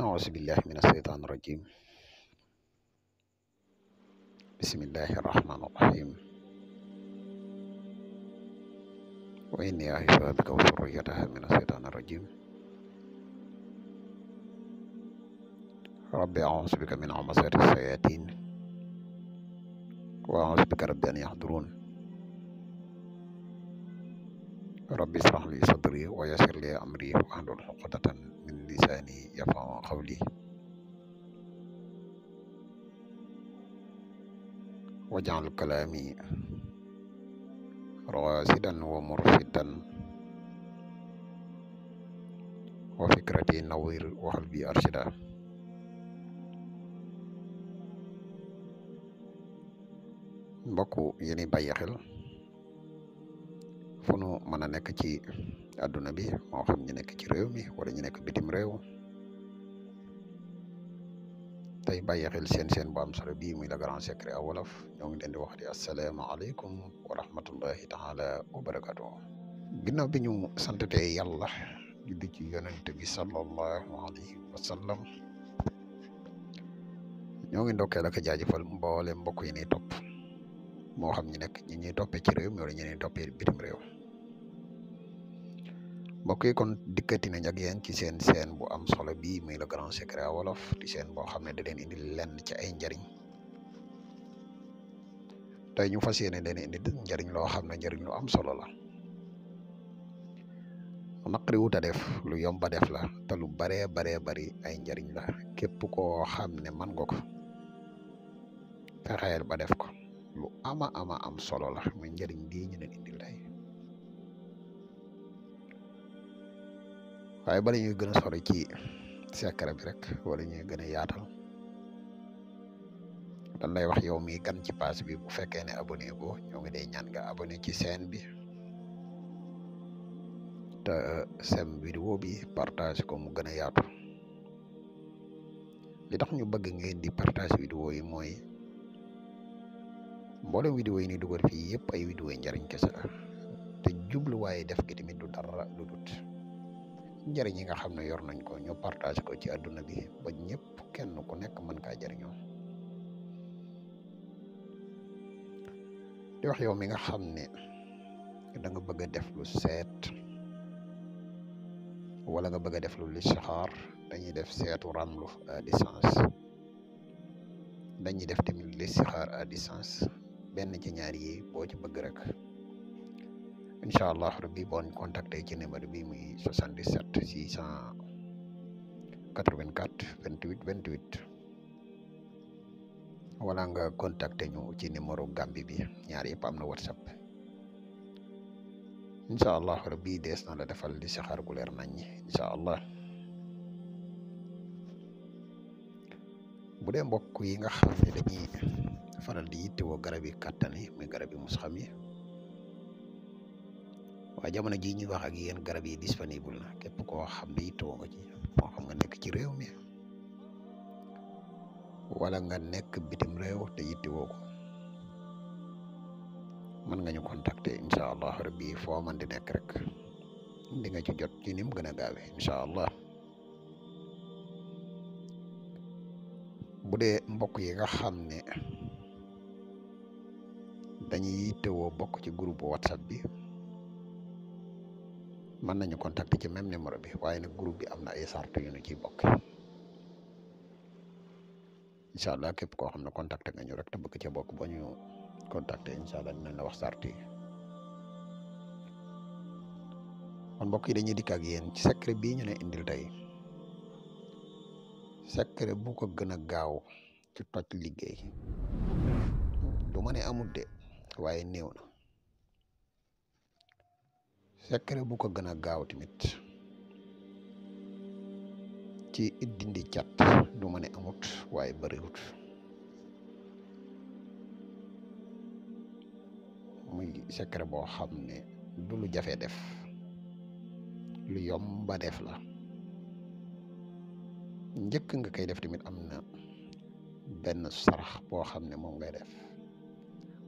A'udzubillahiminasyaitonirrojim Bismillahirrahmanirrahim Wa inni ahidu abika wa surriyataha Rabbi a'udzubika min amasari sayatin Wa a'udzubika rabbi an yahdurun Rabbi sadri wa yasir li amri wa ahlul huqadatan lisaani yafqahu qawli waj'al kalaami raasidan wa mursidan wa fikrati nawwir wa qalbi arshida mbokk yi ñuy bàyyi xel fu nu mën a nekk ci àdduna bi moo xam ñu nekk ci réew mi wala ñu nekk bitim réew tey bàyyi xel seen seen bu am solo bii muy le grand secret a wolof ñoo ngi de di wax di asalaamaaleykum wa rahmatullahi taala wa barakaatu. ginnaaw bi ñu santatee yàlla juddi ci yonent bi sallallahu alayhi wa sallam ñoo ngi ndokkeel ak jaajëfal mboolem mbokk yi ñuy topp moo xam ñu nekk ñi ñuy toppee ci réew mi wala ñu ñuy bitim réew. Oke, kon dikkati nañ ak yeen ci seen seen bu am solo bi muy le grand secret wolof di seen bo xamne da leen indi lenn ci ay njariñ tay ñu fasiyene leen indi njariñ lo xamne njariñ lu am solo la naqari wut def lu yomba def la ta lu bare bare bari ay njariñ la kep ko xamne man nga ko fexeel ba def ko lu ama ama am solo la muy njariñ bi ñu leen indi waye bala ñuy gëna sori ci secret bi rek wala ñuy gëna yaatal dañ lay wax yow mi gan ci page bi bu fekke ne abonné go ñoo ngi day ñaan nga abonné ci chaîne bi ta sem vidéo bi partage ko mu gëna yaatu li tax ñu bëgg ngeen di partage vidéo yi moy mbolé vidéo yi ni duggal fi yépp ay vidéo yi njariñ kessa te te waye def ki tamit du dara lu dut njariñ yi nga xam ne yor nañ ko ñu partage ko ci àdduna bi ba ñëpp kenn ku nekk mën kaa jëriñoo di wax yow mi nga xam ne da nga bëgg a def lu seet wala nga bëgg a def lu listixaar dañuy def seetu ramlu à eh, distance dañuy def tamit listixaar à eh, distance benn ci ñaar yi boo ci bëgg rek inshallah allah rabbi bon contacté ci numéro bi muy 77 684 28 28 wala nga contacté ñu ci numéro gambi bi ñaar yépp am na whatsapp inshallah allah rabbi dees na la defal li saxaar gu leer nañ inshallah bu dé mbokk yi nga xamné dañuy faral di yittewoo garab yi kàttan yi muy garab yi musxam yi wa jamono ji ñu wax ak yeen garab yi disponible na kep ko xam bi to nga ci moo xam nga nek ci rew mi wala nga nek bitim rew te yitti woko man nga ñu contacter inshallah allah rabbi fo man di nek rek di nga ci jot ci nim gëna gaawé inshallah gaawee allah mbokk yi nga xam ne yitté wo bokk ci groupe whatsapp bi. mën nañu contacter ci même numéro bi waaye nag group bi am na ay sart yu ñu ciy bokk incha allah képp koo xam ne contacter nga ñu rek te bëgg ca bokk boo ñu contacter incha allah dinañ la wax sart yi yi dañuy dikk ak yéen ci secret bii ñu ne indil tey secret bu ko gën a gaaw ci toj liggéey du ma ne amul de waaye néew na. secret bu ko gën a gaaw tamit ci it dindi cat du ma ne amut waaye bëriwut muy secret boo xam ne du lu jafe def lu yomba def la njëkk nga koy def tamit am na benn sarax boo xam ne moom ngay def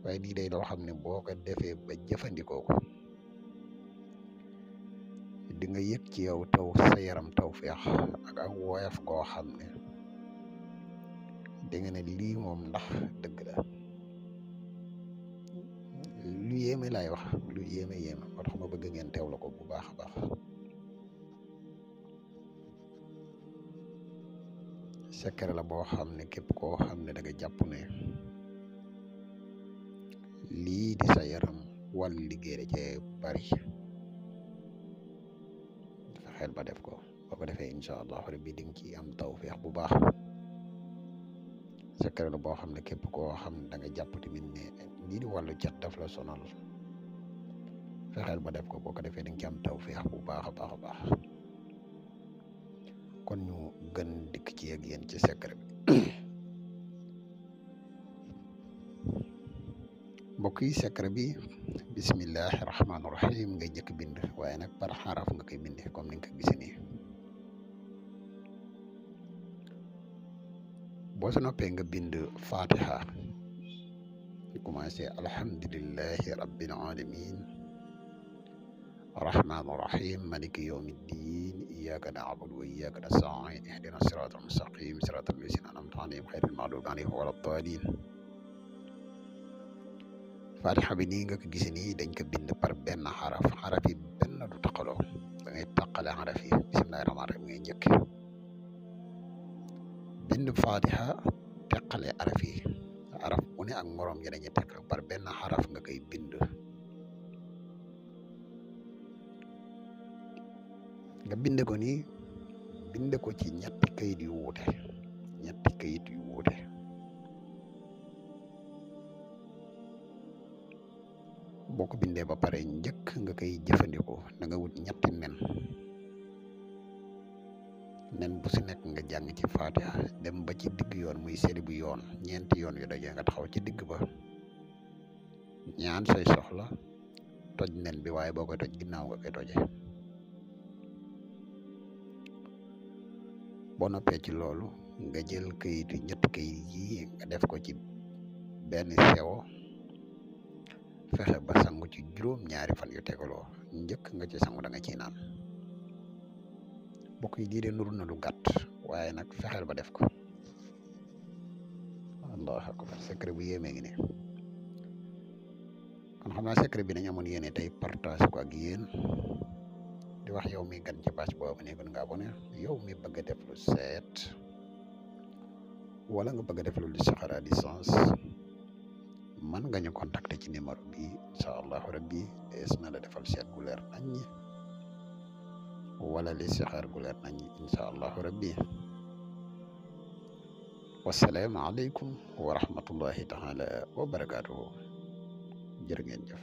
waaye lii day loo ne boo ko defee ba jëfandikoo ko di nga yëg ci yow taw sa yaram taw feex ak ak woyof goo xam ne di nga ne lii moom ndax dëgg la lu yéeme laay wax lu yéeme yéeme moo tax ma bëgg ngeen teew la ko bu baax a baax secret la boo xam ne képp koo xam ne da nga jàpp ne lii di sa yaram wàllu liggéey da cee bari fexeel ba def ko boo ko defee incha allahu rabbi di nga ci am tawféex bu baax secret la boo xam ne képp koo xam ne da nga jàpp tamit ne lii di wàllu cat daf la sonal fexeel ba def ko boo ko defee ding nga ci am tawféex bu baax a baax a baax kon ñu gën dikk ci ak yéen ci secret bi mbokk yi secret bi. bismillahi rahmaani rahim ngay njëkk bind waaye nag par xaraf nga koy bindee comme ni nga ko gisee nii boo si noppee nga bind fatiha ñu commencé alhamdulillahi rabbil alamin rahmaani rahim maliki yawmi ddin iyyaka na'budu wa iyyaka nasta'in ihdina siratal mustaqim siratal lazina an'amta alayhim ghayril maghdubi alayhim waladdallin fatixa bi nii nga ko gise nii dañ ko bind par benn xaraf xaraf yi benn du taqaloo da ngay taqale xaraf yi bismillahi rahmaan rahim ngay njëkk bind fatixa teqale xaraf yi xaraf bu ne ak moroom yi dañuy teq par benn xaraf nga koy bind nga bind ko nii bind ko ci ñetti kayit yu wuute kayit yu wuute boo ko bindee ba pare njëkk nga koy jëfandikoo da nga wut ñetti nen nen bu si nekk nga jàng ci faatiha dem ba ci digg yoon muy séri bu yoon ñeenti yoon yu dajee nga taxaw ci digg ba ñaan say soxla toj nen bi waaye boo koy toj ginnaaw nga koy toje boo noppee ci loolu nga jël këyitu ñetti këyit yi nga def ko ci benn sewo fexé ba sangu ci juroom ñaari fan yu tégalo njëkk nga ci sangu da nga ci naan bokk yi de nuru na lu gatt waaye nak fexé ba def ko allahu akbar secret bu yéme ngi né kon xamna naa secret bi dañ amone yéene tay partage ko ak yéen di wax yow mi gan ci bâche bobu ne kon nga abonné yow mi bëgg def lu set wala nga bëgg def lu li saxara licence man nga ñu contacter ci numéro bi incha allahu rabbi dees na la defal seet gu leer nañ wala listixaar gu leer nañ incha allahu rabbi wasalaamaaleykum wa rahmatullahi taala wa barakaatuhu jërë ngeen jëf